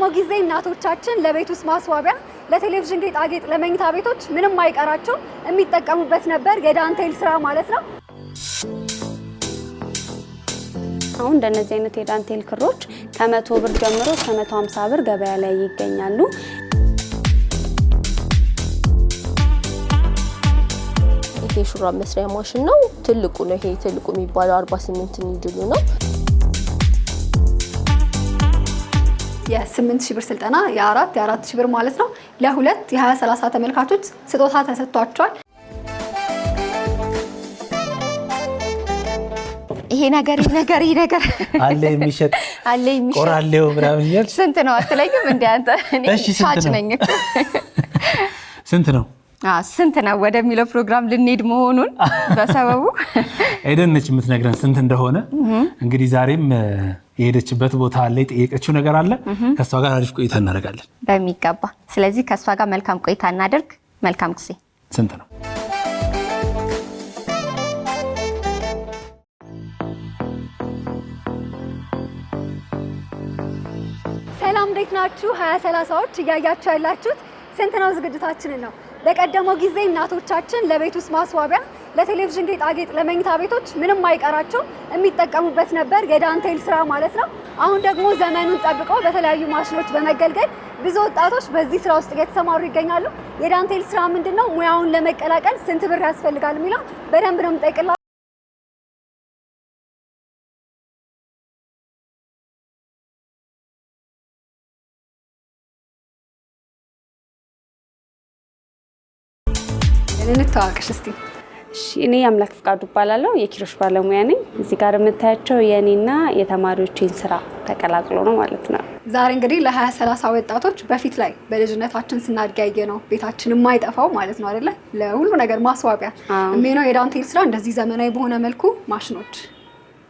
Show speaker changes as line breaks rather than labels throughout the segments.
ደግሞ ጊዜ እናቶቻችን ለቤት ውስጥ ማስዋቢያ፣ ለቴሌቪዥን ጌጣጌጥ፣ ለመኝታ ቤቶች ምንም አይቀራቸው የሚጠቀሙበት ነበር የዳንቴል ስራ ማለት ነው። አሁን እንደነዚህ አይነት የዳንቴል ክሮች ከመቶ ብር ጀምሮ እስከ መቶ ሀምሳ ብር ገበያ ላይ ይገኛሉ። ይሄ ሹራብ መስሪያ ማሽን ነው። ትልቁ ነው። ይሄ ትልቁ የሚባለው 48 ኒድሉ ነው። የስምንት ሺህ ብር ስልጠና የአራት የአራት ሺህ ብር ማለት ነው ለሁለት የሀያ ሰላሳ ተመልካቾች ስጦታ ተሰጥቷቸዋል። ይሄ ነገር ይሄ ነገር ይሄ ነገር
አለ የሚሸጥ
አለ የሚሸጥ
ቆራሌው ምናምን
ስንት ነው አትለኝም? እንደ አንተ
እኔ ሻጭ ነኝ። ስንት ነው?
ስንት ነው ወደሚለው ፕሮግራም ልንሄድ መሆኑን በሰበቡ
ኤደን ነች የምትነግረን ስንት እንደሆነ። እንግዲህ ዛሬም የሄደችበት ቦታ አለ፣ የጠየቀችው ነገር አለ። ከእሷ ጋር አሪፍ ቆይታ እናደርጋለን
በሚገባ። ስለዚህ ከእሷ ጋር መልካም ቆይታ እናደርግ። መልካም ጊዜ። ስንት ነው ሰላም፣ እንዴት ናችሁ? ሀያ ሰላሳዎች እያያችሁ ያላችሁት ስንት ነው ዝግጅታችንን ነው በቀደመው ጊዜ እናቶቻችን ለቤት ውስጥ ማስዋቢያ፣ ለቴሌቪዥን ጌጣጌጥ፣ ለመኝታ ቤቶች ምንም አይቀራቸው የሚጠቀሙበት ነበር የዳንቴል ስራ ማለት ነው። አሁን ደግሞ ዘመኑን ጠብቆ በተለያዩ ማሽኖች በመገልገል ብዙ ወጣቶች በዚህ ስራ ውስጥ እየተሰማሩ ይገኛሉ። የዳንቴል ስራ ምንድን ነው? ሙያውን ለመቀላቀል ስንት ብር ያስፈልጋል የሚለው በደንብ ነው ተዋወቅሽ እስቲ። እኔ አምላክ ፍቃዱ እባላለሁ የኪሮሽ ባለሙያ ነኝ። እዚህ ጋር የምታያቸው የእኔና የተማሪዎችን ስራ ተቀላቅሎ ነው ማለት ነው። ዛሬ እንግዲህ ለሀያ ሰላሳ ወጣቶች በፊት ላይ በልጅነታችን ስናድጋየ ነው ቤታችን የማይጠፋው ማለት ነው አይደለ? ለሁሉ ነገር ማስዋቢያ የሚሆነው የዳንቴል ስራ እንደዚህ ዘመናዊ በሆነ መልኩ ማሽኖች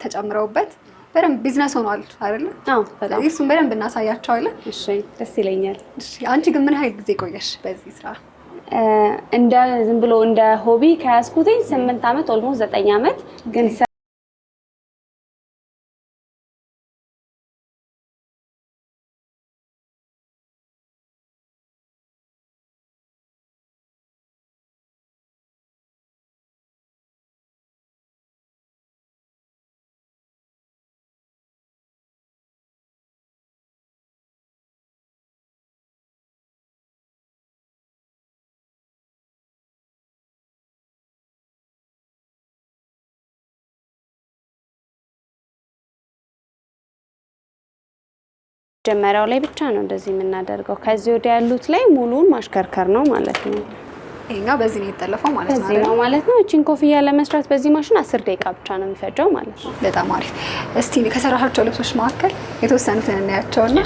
ተጨምረውበት በደንብ ቢዝነስ ሆኗል አይደለ? እሱም በደንብ እናሳያቸዋለን። ደስ ይለኛል። አንቺ ግን ምን ያህል ጊዜ ቆየሽ በዚህ ስራ? እንደ ዝም ብሎ እንደ ሆቢ ከያዝኩትኝ ስምንት ዓመት ኦልሞስት ዘጠኝ ዓመት ግን መጀመሪያው ላይ ብቻ ነው እንደዚህ የምናደርገው። ከዚህ ወዲያ ያሉት ላይ ሙሉን ማሽከርከር ነው ማለት ነው። ይሄኛው በዚህ ነው የተጠለፈው ማለት ነው። በዚህ ነው ማለት ነው። እቺን ኮፍያ ለመስራት በዚህ ማሽን አስር ደቂቃ ብቻ ነው የሚፈጀው ማለት ነው። በጣም አሪፍ። እስቲ ከሰራሃቸው ልብሶች መካከል የተወሰኑትን እናያቸውና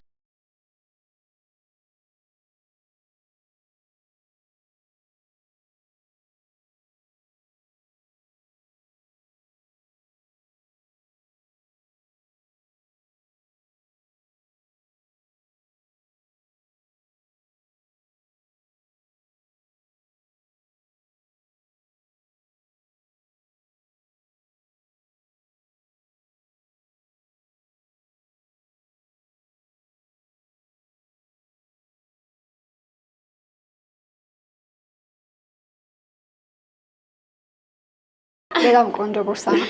በጣም ቆንጆ ቦርሳ ነው።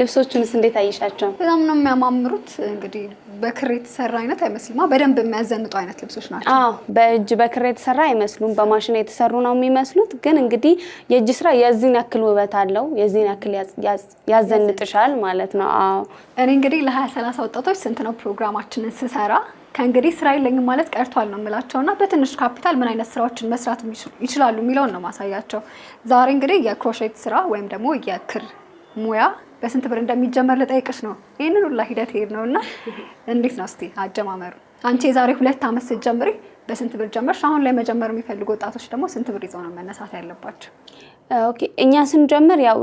ልብሶቹንስ እንዴት አየሻቸው? በጣም ነው የሚያማምሩት። እንግዲህ በክር የተሰራ አይነት አይመስልማ። በደንብ የሚያዘንጡ አይነት ልብሶች ናቸው። በእጅ በክር የተሰራ አይመስሉም። በማሽን የተሰሩ ነው የሚመስሉት። ግን እንግዲህ የእጅ ስራ የዚህን ያክል ውበት አለው፣ የዚህን ያክል ያዘንጥሻል ማለት ነው። እኔ እንግዲህ ለሀያ ሰላሳ ወጣቶች ስንት ነው ፕሮግራማችንን ስሰራ ከእንግዲህ ስራ የለኝም ማለት ቀርቷል ነው የምላቸው እና በትንሽ ካፒታል ምን አይነት ስራዎችን መስራት ይችላሉ የሚለውን ነው ማሳያቸው። ዛሬ እንግዲህ የክሮሼት ስራ ወይም ደግሞ የክር ሙያ በስንት ብር እንደሚጀመር ልጠይቅሽ ነው። ይህንን ሁላ ሂደት ሄድ ነው እና እንዴት ነው እስቲ አጀማመሩ? አንቺ የዛሬ ሁለት አመት ስትጀምሪ በስንት ብር ጀመርሽ? አሁን ላይ መጀመር የሚፈልጉ ወጣቶች ደግሞ ስንት ብር ይዘው ነው መነሳት ያለባቸው? ኦኬ እኛ ስንጀምር ያው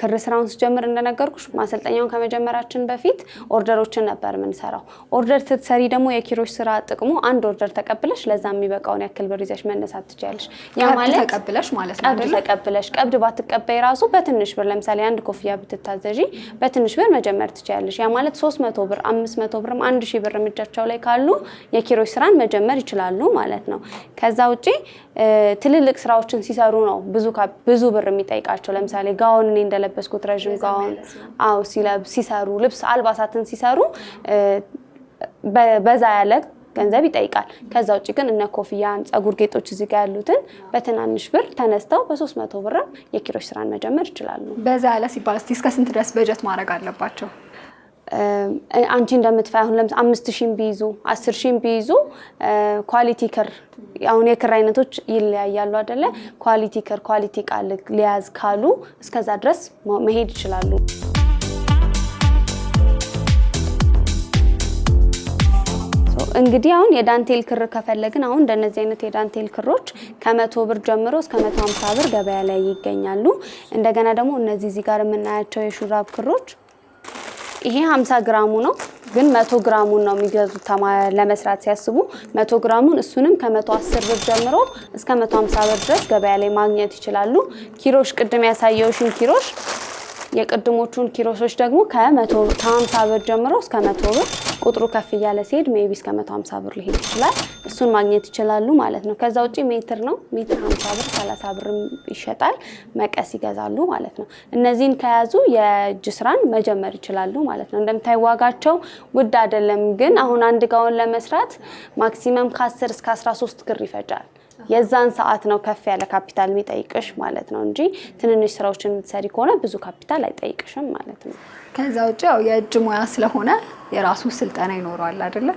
ክር ስራውን ስጀምር እንደነገርኩሽ ማሰልጠኛውን ከመጀመራችን በፊት ኦርደሮችን ነበር የምንሰራው። ኦርደር ስትሰሪ ደግሞ የኪሮሽ ስራ ጥቅሙ አንድ ኦርደር ተቀብለሽ ለዛ የሚበቃውን ያክል ብር ይዘሽ መነሳት ትችያለሽ። ያ ማለት ተቀብለሽ ማለት ነው። ቀብድ ተቀብለሽ ቀብድ ባትቀበይ ራሱ በትንሽ ብር ለምሳሌ አንድ ኮፍያ ብትታዘዢ በትንሽ ብር መጀመር ትችያለሽ። ያ ማለት መቶ ብር፣ ብርም ብር፣ ሺህ ብር እምጃቸው ላይ ካሉ የኪሮሽ ስራን መጀመር ይችላሉ። ይችላሉ ማለት ነው። ከዛ ውጪ ትልልቅ ስራዎችን ሲሰሩ ነው ብዙ ብዙ ብር የሚጠይቃቸው። ለምሳሌ ጋውን እኔ እንደለበስኩት ረዥም ጋውን አው ሲሰሩ ልብስ አልባሳትን ሲሰሩ በዛ ያለ ገንዘብ ይጠይቃል። ከዛ ውጭ ግን እነ ኮፍያን፣ ፀጉር ጌጦች እዚህ ጋ ያሉትን በትናንሽ ብር ተነስተው በሶስት መቶ ብር የኪሮሽ ስራን መጀመር ይችላሉ። በዛ ያለ ሲባል እስኪ እስከ ስንት ድረስ በጀት ማድረግ አለባቸው? አንቺ እንደምትፈይ አሁን ለምሳ አምስት ሺህም ቢይዙ አስር ሺህም ቢይዙ ኳሊቲ ክር አሁን የክር አይነቶች ይለያያሉ አደለ? ኳሊቲ ክር ኳሊቲ ቃል ሊያዝ ካሉ እስከዛ ድረስ መሄድ ይችላሉ። እንግዲህ አሁን የዳንቴል ክር ከፈለግን አሁን እንደነዚህ አይነት የዳንቴል ክሮች ከመቶ ብር ጀምሮ እስከ መቶ ሀምሳ ብር ገበያ ላይ ይገኛሉ። እንደገና ደግሞ እነዚህ እዚህ ጋር የምናያቸው የሹራብ ክሮች ይሄ 50 ግራሙ ነው፣ ግን 100 ግራሙን ነው የሚገዙት ለመስራት ሲያስቡ 100 ግራሙን። እሱንም ከ110 ብር ጀምሮ እስከ 150 ብር ድረስ ገበያ ላይ ማግኘት ይችላሉ። ኪሮሽ ቅድም ያሳየውሽን ኪሮሽ የቅድሞቹን ኪሮሾች ደግሞ ከ150 ብር ጀምሮ እስከ 100 ብር ቁጥሩ ከፍ እያለ ሲሄድ ቢ እስከ 150 ብር ሊሄድ ይችላል። እሱን ማግኘት ይችላሉ ማለት ነው። ከዛ ውጪ ሜትር ነው። ሜትር 50 ብር፣ 30 ብር ይሸጣል። መቀስ ይገዛሉ ማለት ነው። እነዚህን ከያዙ የእጅ ስራን መጀመር ይችላሉ ማለት ነው። እንደምታይ ዋጋቸው ውድ አይደለም፣ ግን አሁን አንድ ጋውን ለመስራት ማክሲመም ከ10 እስከ 13 ግር ይፈጃል። የዛን ሰዓት ነው ከፍ ያለ ካፒታል የሚጠይቅሽ ማለት ነው እንጂ ትንንሽ ስራዎችን የምትሰሪ ከሆነ ብዙ ካፒታል አይጠይቅሽም ማለት ነው። ከዛ ውጭ ያው የእጅ ሙያ ስለሆነ የራሱ ስልጠና ይኖረዋል አይደለ?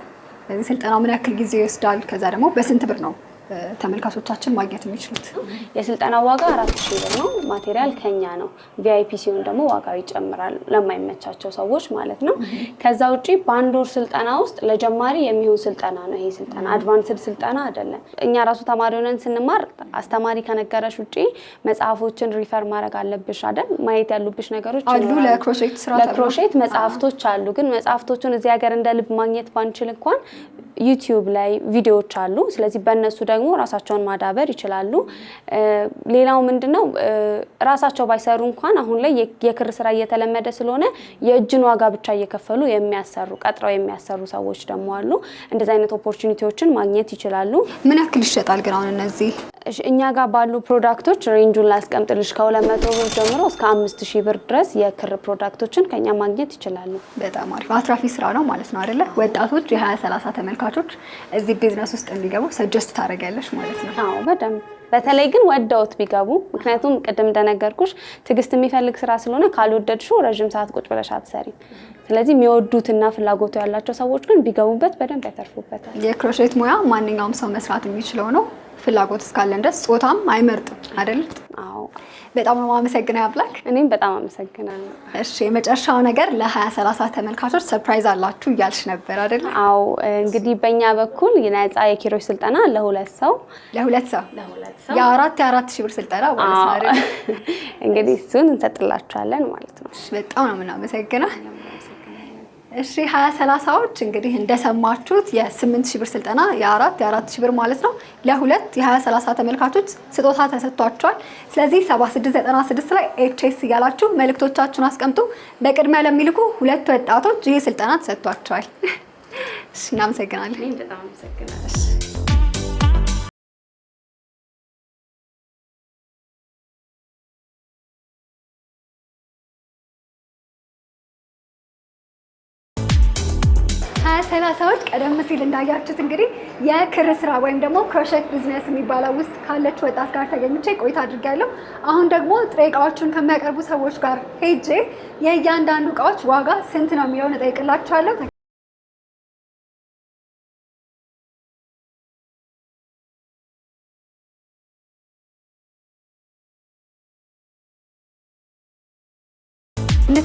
ስለዚህ ስልጠናው ምን ያክል ጊዜ ይወስዳል? ከዛ ደግሞ በስንት ብር ነው ተመልካቾቻችን ማግኘት የሚችሉት? የስልጠና ዋጋ አራት ሺ ብር ነው። ማቴሪያል ከኛ ነው። ቪአይፒ ሲሆን ደግሞ ዋጋው ይጨምራል፣ ለማይመቻቸው ሰዎች ማለት ነው። ከዛ ውጭ በአንድ ወር ስልጠና ውስጥ ለጀማሪ የሚሆን ስልጠና ነው። ይሄ ስልጠና አድቫንስድ ስልጠና አይደለም። እኛ ራሱ ተማሪ ሆነን ስንማር አስተማሪ ከነገረሽ ውጭ መጽሐፎችን ሪፈር ማድረግ አለብሽ አይደል? ማየት ያሉብሽ ነገሮች አሉ። ለክሮሼት መጽሐፍቶች አሉ። ግን መጽሐፍቶቹን እዚህ ሀገር እንደ ልብ ማግኘት ባንችል እንኳን ዩቲዩብ ላይ ቪዲዮዎች አሉ። ስለዚህ በእነሱ ደግሞ ራሳቸውን ማዳበር ይችላሉ። ሌላው ምንድነው ራሳቸው ባይሰሩ እንኳን አሁን ላይ የክር ስራ እየተለመደ ስለሆነ የእጅን ዋጋ ብቻ እየከፈሉ የሚያሰሩ ቀጥረው የሚያሰሩ ሰዎች ደግሞ አሉ። እንደዚህ አይነት ኦፖርቹኒቲዎችን ማግኘት ይችላሉ። ምን ያክል ይሸጣል ግን አሁን እነዚህ እኛ ጋር ባሉ ፕሮዳክቶች ሬንጁን ላስቀምጥልሽ ከሁለት መቶ ብር ጀምሮ እስከ አምስት ሺህ ብር ድረስ የክር ፕሮዳክቶችን ከኛ ማግኘት ይችላሉ። በጣም አሪፍ አትራፊ ስራ ነው ማለት ነው አይደለ? ወጣቶች የሀያ ሰላሳ ተመልካቾች እዚህ ቢዝነስ ውስጥ እንዲገቡ ሰጀስት ታደርጊያለሽ ማለት ነው? አዎ በደንብ በተለይ ግን ወደውት ቢገቡ ምክንያቱም ቅድም እንደነገርኩሽ ትዕግስት የሚፈልግ ስራ ስለሆነ ካልወደድሽው ረዥም ሰዓት ቁጭ ብለሽ አትሰሪም። ስለዚህ የሚወዱትና ፍላጎቱ ያላቸው ሰዎች ግን ቢገቡበት በደንብ ያተርፉበታል። የክሮሼት ሙያ ማንኛውም ሰው መስራት የሚችለው ነው ፍላጎት እስካለን ድረስ ጾታም አይመርጥም አይደል? አዎ። በጣም ነው አመሰግና ያብላክ። እኔም በጣም አመሰግናለሁ። እሺ፣ የመጨረሻው ነገር ለ 2030 ተመልካቾች ሰርፕራይዝ አላችሁ እያልሽ ነበር አይደል? አዎ። እንግዲህ በእኛ በኩል የነጻ የኪሮሽ ስልጠና ለሁለት ሰው ለሁለት ሰው የአራት የአራት ሺህ ብር ስልጠና ማለት ነው አይደል? እንግዲህ እሱን እንሰጥላችኋለን ማለት ነው። በጣም ነው የምናመሰግነው። እሺ ሀያ ሰላሳዎች እንግዲህ እንደሰማችሁት የስምንት ሺህ ብር ስልጠና የአራት የአራት ሺህ ብር ማለት ነው ለሁለት የሀያ ሰላሳ ተመልካቾች ስጦታ ተሰጥቷቸዋል። ስለዚህ ሰባ 7696 ላይ ኤች ኤስ እያላችሁ መልእክቶቻችሁን አስቀምጡ። በቅድሚያ ለሚልኩ ሁለት ወጣቶች ይህ ስልጠና ተሰጥቷቸዋል። እናመሰግናለን። ቀደም ሲል እንዳያችሁት እንግዲህ የክር ስራ ወይም ደግሞ ክሮሸት ቢዝነስ የሚባለው ውስጥ ካለች ወጣት ጋር ተገኝቼ ቆይታ አድርጌያለሁ አሁን ደግሞ ጥሬ እቃዎቹን ከሚያቀርቡ ሰዎች ጋር ሄጄ የእያንዳንዱ እቃዎች ዋጋ ስንት ነው የሚለውን እጠይቅላችኋለሁ።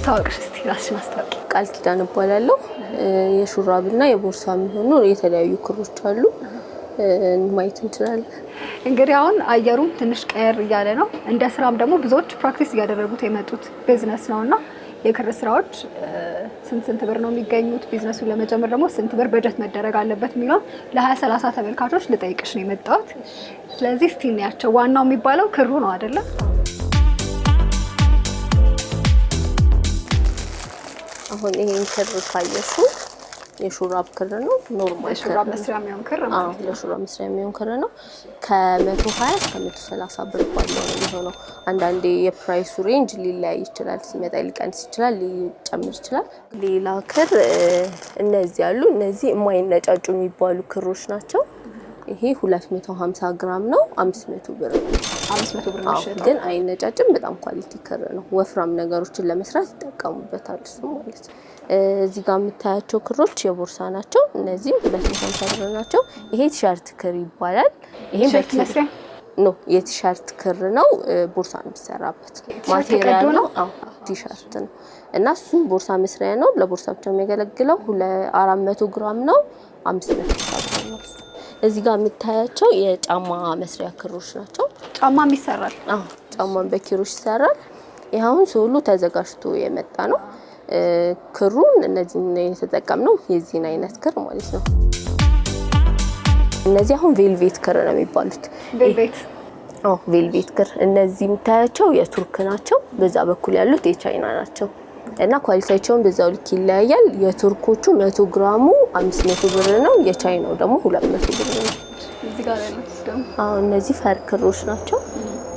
ታወቅሽ እስቲ ራስሽን አስታውቂ። ቃል ኪዳን እባላለሁ። የሹራብና የቦርሳ የሚሆኑ የተለያዩ ክሮች አሉ ማየት እንችላለን። እንግዲህ አሁን አየሩም ትንሽ ቀየር እያለ ነው። እንደ ስራም ደግሞ ብዙዎች ፕራክቲስ እያደረጉት የመጡት ቢዝነስ ነው እና የክር ስራዎች ስንት ስንት ብር ነው የሚገኙት፣ ቢዝነሱን ለመጀመር ደግሞ ስንት ብር በጀት መደረግ አለበት የሚለውን ለሀያ ሰላሳ ተመልካቾች ልጠይቅሽ ነው የመጣሁት። ስለዚህ እስቲ እንያቸው። ዋናው የሚባለው ክሩ ነው አይደለም? አሁን ይሄን ክር ካየሹ የሹራብ ክር ነው። ኖርማል ሹራብ መስሪያ የሚሆን ክር ነው። አዎ ለሹራብ መስሪያ የሚሆን ክር ነው። ከ120 እስከ 130 ብር ባለው ነው የሚሆነው። አንዳንዴ የፕራይሱ ሬንጅ ሊለያይ ይችላል። ሲመጣ ሊቀንስ ይችላል፣ ሊጨምር ይችላል። ሌላ ክር እነዚህ አሉ። እነዚህ የማይነጫጩ የሚባሉ ክሮች ናቸው። ይሄ 250 ግራም ነው 500 ብር ነው። 500 ብር ነው ሸጣ። ግን አይነጫጭም። በጣም ኳሊቲ ክር ነው። ወፍራም ነገሮችን ለመስራት ይጠቀሙበታል እሱ ማለት እዚህ ጋር የምታያቸው ክሮች የቦርሳ ናቸው። እነዚህ 250 ብር ናቸው። ይሄ ቲሸርት ክር ይባላል። ይሄ በኪስ ኖ የቲሸርት ክር ነው። ቦርሳ ነው የሚሰራበት ማቴሪያል ነው። ቲሸርት ነው እና እሱ ቦርሳ መስሪያ ነው። ለቦርሳ ብቻ የሚያገለግለው 400 ግራም ነው። 500 ብር ነው። እዚህ ጋር የምታያቸው የጫማ መስሪያ ክሮች ናቸው። ጫማ ይሰራል። አዎ በኪሮች ይሰራል። ይህ አሁን ሶሉ ተዘጋጅቶ የመጣ ነው። ክሩን እነዚህን የተጠቀምነው የዚህን አይነት ክር ማለት ነው። እነዚህ አሁን ቬልቬት ክር ነው የሚባሉት። ቬልቬት ክር እነዚህ የምታያቸው የቱርክ ናቸው። በዛ በኩል ያሉት የቻይና ናቸው። እና ኳሊቲያቸውን በዛው ልክ ይለያያል። የቱርኮቹ 100 ግራሙ 500 ብር ነው። የቻይናው ደግሞ 200 ብር ነው። እነዚህ ፈር ክሮች ናቸው።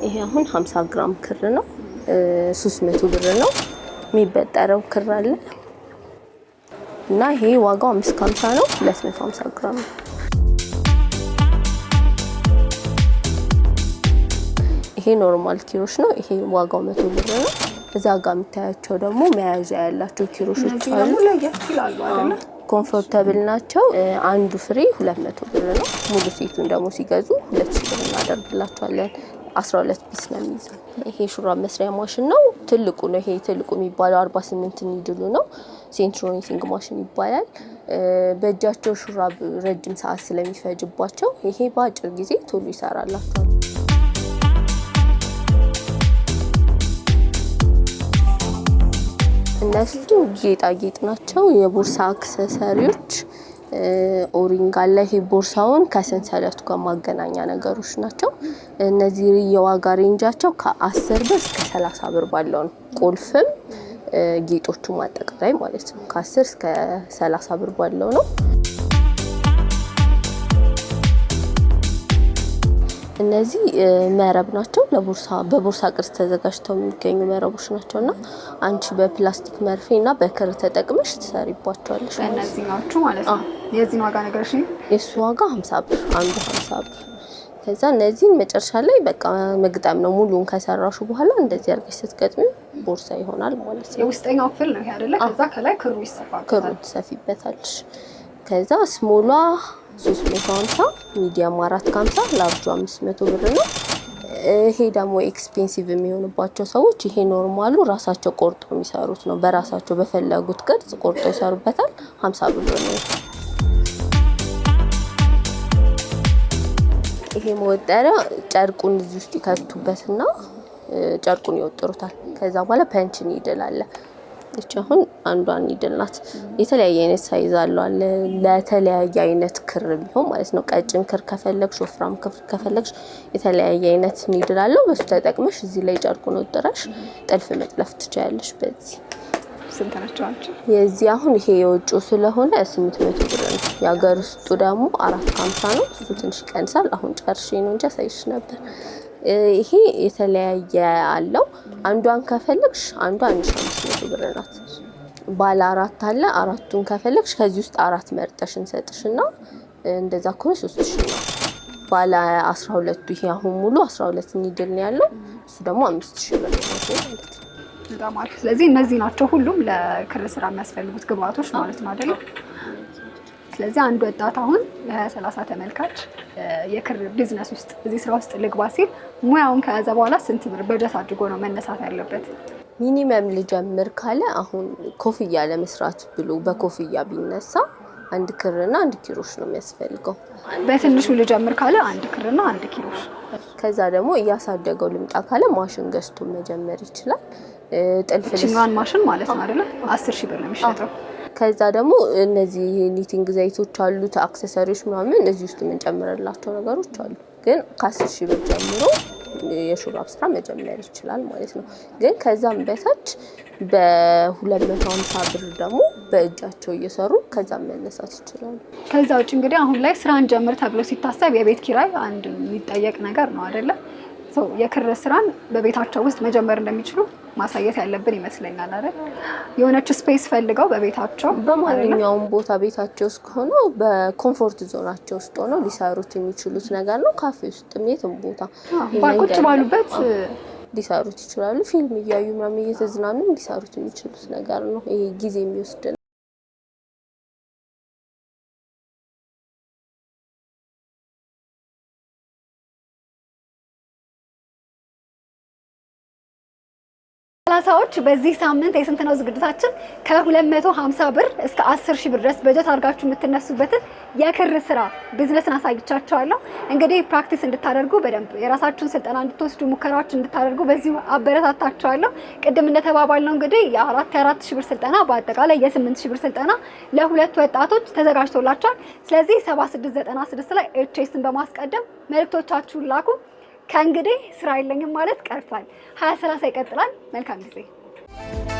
ይሄ አሁን 50 ግራም ክር ነው፣ 300 ብር ነው። የሚበጠረው ክር አለ እና ይሄ ዋጋው 550 ነው፣ 250 ግራም ነው። ይሄ ኖርማል ኪሮች ነው። ይሄ ዋጋው 100 ብር ነው። እዛ ጋር የምታያቸው ደግሞ መያዣ ያላቸው ኪሮሾች አሉ። ኮምፎርተብል ናቸው። አንዱ ፍሬ ሁለት መቶ ብር ነው። ሙሉ ሴቱን ደግሞ ሲገዙ ሁለት ሺ ብር እናደርግላቸዋለን። አስራ ሁለት ፒስ ነው የሚይዘው። ይሄ ሹራብ መስሪያ ማሽን ነው። ትልቁ ነው ይሄ ትልቁ የሚባለው አርባ ስምንት ኒድሉ ነው። ሴንትሮኒቲንግ ማሽን ይባላል። በእጃቸው ሹራብ ረጅም ሰዓት ስለሚፈጅባቸው ይሄ በአጭር ጊዜ ቶሎ ይሰራላቸዋል። እነሱ ጌጣጌጥ ናቸው። የቦርሳ አክሰሰሪዎች ኦሪንግ አለ። ይሄ ቦርሳውን ከሰንሰለቱ ጋር ማገናኛ ነገሮች ናቸው። እነዚህ የዋጋ ሬንጃቸው ከአስር ብር እስከ ሰላሳ ብር ባለው ነው። ቁልፍም ጌጦቹ ማጠቃላይ ማለት ነው ከአስር እስከ ሰላሳ ብር ባለው ነው። እነዚህ መረብ ናቸው። ለቦርሳ በቦርሳ ቅርጽ ተዘጋጅተው የሚገኙ መረቦች ናቸው እና አንቺ በፕላስቲክ መርፌ እና በክር ተጠቅመሽ ትሰሪባቸዋለሽ። እነዚህኛዎቹ ማለት ነው። የዚህን ዋጋ ነገር እሺ፣ የእሱ ዋጋ ሀምሳ ብር አንዱ ሀምሳ ብር ከዛ እነዚህን መጨረሻ ላይ በቃ መግጠም ነው። ሙሉን ከሰራሹ በኋላ እንደዚህ አድርገሽ ስትገጥሚ ቦርሳ ይሆናል ማለት ነው። የውስጠኛው ክፍል ነው ይሄ አይደለ? ከዛ ከላይ ክሩ ይሰፋል፣ ክሩ ትሰፊበታለሽ። ከዛ ስሞሏ 350፣ ሚዲያም 450፣ ላርጁ 500 ብር ነው። ይሄ ደግሞ ኤክስፔንሲቭ የሚሆንባቸው ሰዎች ይሄ ኖርማሉ ራሳቸው ቆርጦ የሚሰሩት ነው። በራሳቸው በፈለጉት ቅርጽ ቆርጦ ይሰሩበታል። 50 ብር ነው። ይሄ መወጠሪያ ጨርቁን እዚህ ውስጥ ይከቱበትና ጨርቁን ይወጥሩታል። ከዛ በኋላ ፐንች ኒድል አለ። እቺ አሁን አንዷን ኒድል ናት። የተለያየ አይነት ሳይዝ አለዋለ ለተለያየ አይነት ክር ቢሆን ማለት ነው። ቀጭን ክር ከፈለግሽ፣ ወፍራም ክር ከፈለግሽ የተለያየ አይነት ኒድል አለው። በሱ ተጠቅመሽ እዚህ ላይ ጨርቁን ወጥረሽ ጥልፍ መጥለፍ ትችያለሽ። በዚህ የዚህ አሁን ይሄ የውጭ ስለሆነ ስምንት መቶ ብር ነው። የሀገር ውስጡ ደግሞ አራት ሀምሳ ነው። እሱ ትንሽ ይቀንሳል። አሁን ጨርሼ ነው እንጂ አሳይሽ ነበር። ይሄ የተለያየ አለው። አንዷን ከፈለግሽ አንዷ አንድ ሺህ አምስት መቶ ብር ናት። ባለ አራት አለ። አራቱን ከፈለግሽ ከዚህ ውስጥ አራት መርጠሽ እንሰጥሽና እንደዛ ከሆነ ሶስት ሺህ ነው። ባለ አስራ ሁለቱ ይሄ አሁን ሙሉ አስራ ሁለት ኒድል ነው ያለው። እሱ ደግሞ አምስት ሺህ ብር ማለት ነው። ስለዚህ እነዚህ ናቸው ሁሉም ለክር ስራ የሚያስፈልጉት ግብአቶች ማለት ነው አይደለም? ስለዚህ አንድ ወጣት አሁን ለሰላሳ ተመልካች የክር ቢዝነስ ውስጥ እዚህ ስራ ውስጥ ልግባ ሲል ሙያውን ከያዘ በኋላ ስንት ብር በጀት አድርጎ ነው መነሳት ያለበት? ሚኒመም ልጀምር ካለ አሁን ኮፍያ ለመስራት ብሎ በኮፍያ ቢነሳ አንድ ክርና አንድ ኪሮሽ ነው የሚያስፈልገው። በትንሹ ልጀምር ካለ አንድ ክርና አንድ ኪሮሽ። ከዛ ደግሞ እያሳደገው ልምጣ ካለ ማሽን ገዝቶ መጀመር ይችላል። ጥልፍ ማሽን ማለት ነው አይደለ? አስር ሺህ ብር ነው የሚሸጠው ከዛ ደግሞ እነዚህ ኒቲንግ ዘይቶች አሉት፣ አክሰሰሪዎች ምናምን እዚህ ውስጥ የምንጨምርላቸው ነገሮች አሉ። ግን ከአስር ሺህ ብር ጀምሮ የሹራብ ስራ መጀመር ይችላል ማለት ነው። ግን ከዛም በታች በ250 ብር ደግሞ በእጃቸው እየሰሩ ከዛም መነሳት ይችላሉ። ከዛ ውጭ እንግዲህ አሁን ላይ ስራን ጀምር ተብሎ ሲታሰብ የቤት ኪራይ አንድ የሚጠየቅ ነገር ነው አይደለም የክር ስራን በቤታቸው ውስጥ መጀመር እንደሚችሉ ማሳየት ያለብን ይመስለኛል አረ የሆነች ስፔስ ፈልገው በቤታቸው በማንኛውም ቦታ ቤታቸው ውስጥ ከሆነ በኮምፎርት ዞናቸው ውስጥ ሆነው ሊሰሩት የሚችሉት ነገር ነው። ካፌ ውስጥ የትም ቦታ ቁጭ ባሉበት ሊሰሩት ይችላሉ። ፊልም እያዩ ምናምን እየተዝናኑ ሊሰሩት የሚችሉት ነገር ነው። ይሄ ጊዜ የሚወስድ ጠባሳዎች በዚህ ሳምንት የስንት ነው ዝግጅታችን ከ250 ብር እስከ 10 ሺህ ብር ድረስ በጀት አድርጋችሁ የምትነሱበትን የክር ስራ ቢዝነስን አሳይቻችኋለሁ። እንግዲህ ፕራክቲስ እንድታደርጉ በደንብ የራሳችሁን ስልጠና እንድትወስዱ ሙከራዎች እንድታደርጉ በዚሁ አበረታታችኋለሁ። ቅድም እንደተባባልነው እንግዲህ የአራት የአራት ሺህ ብር ስልጠና በአጠቃላይ የስምንት ሺህ ብር ስልጠና ለሁለት ወጣቶች ተዘጋጅቶላቸዋል። ስለዚህ 7696 ላይ ኤችኤስን በማስቀደም መልእክቶቻችሁን ላኩ። ከእንግዲህ ስራ የለኝም ማለት ቀርቷል። ሀያ ሰላሳ ይቀጥላል። መልካም ጊዜ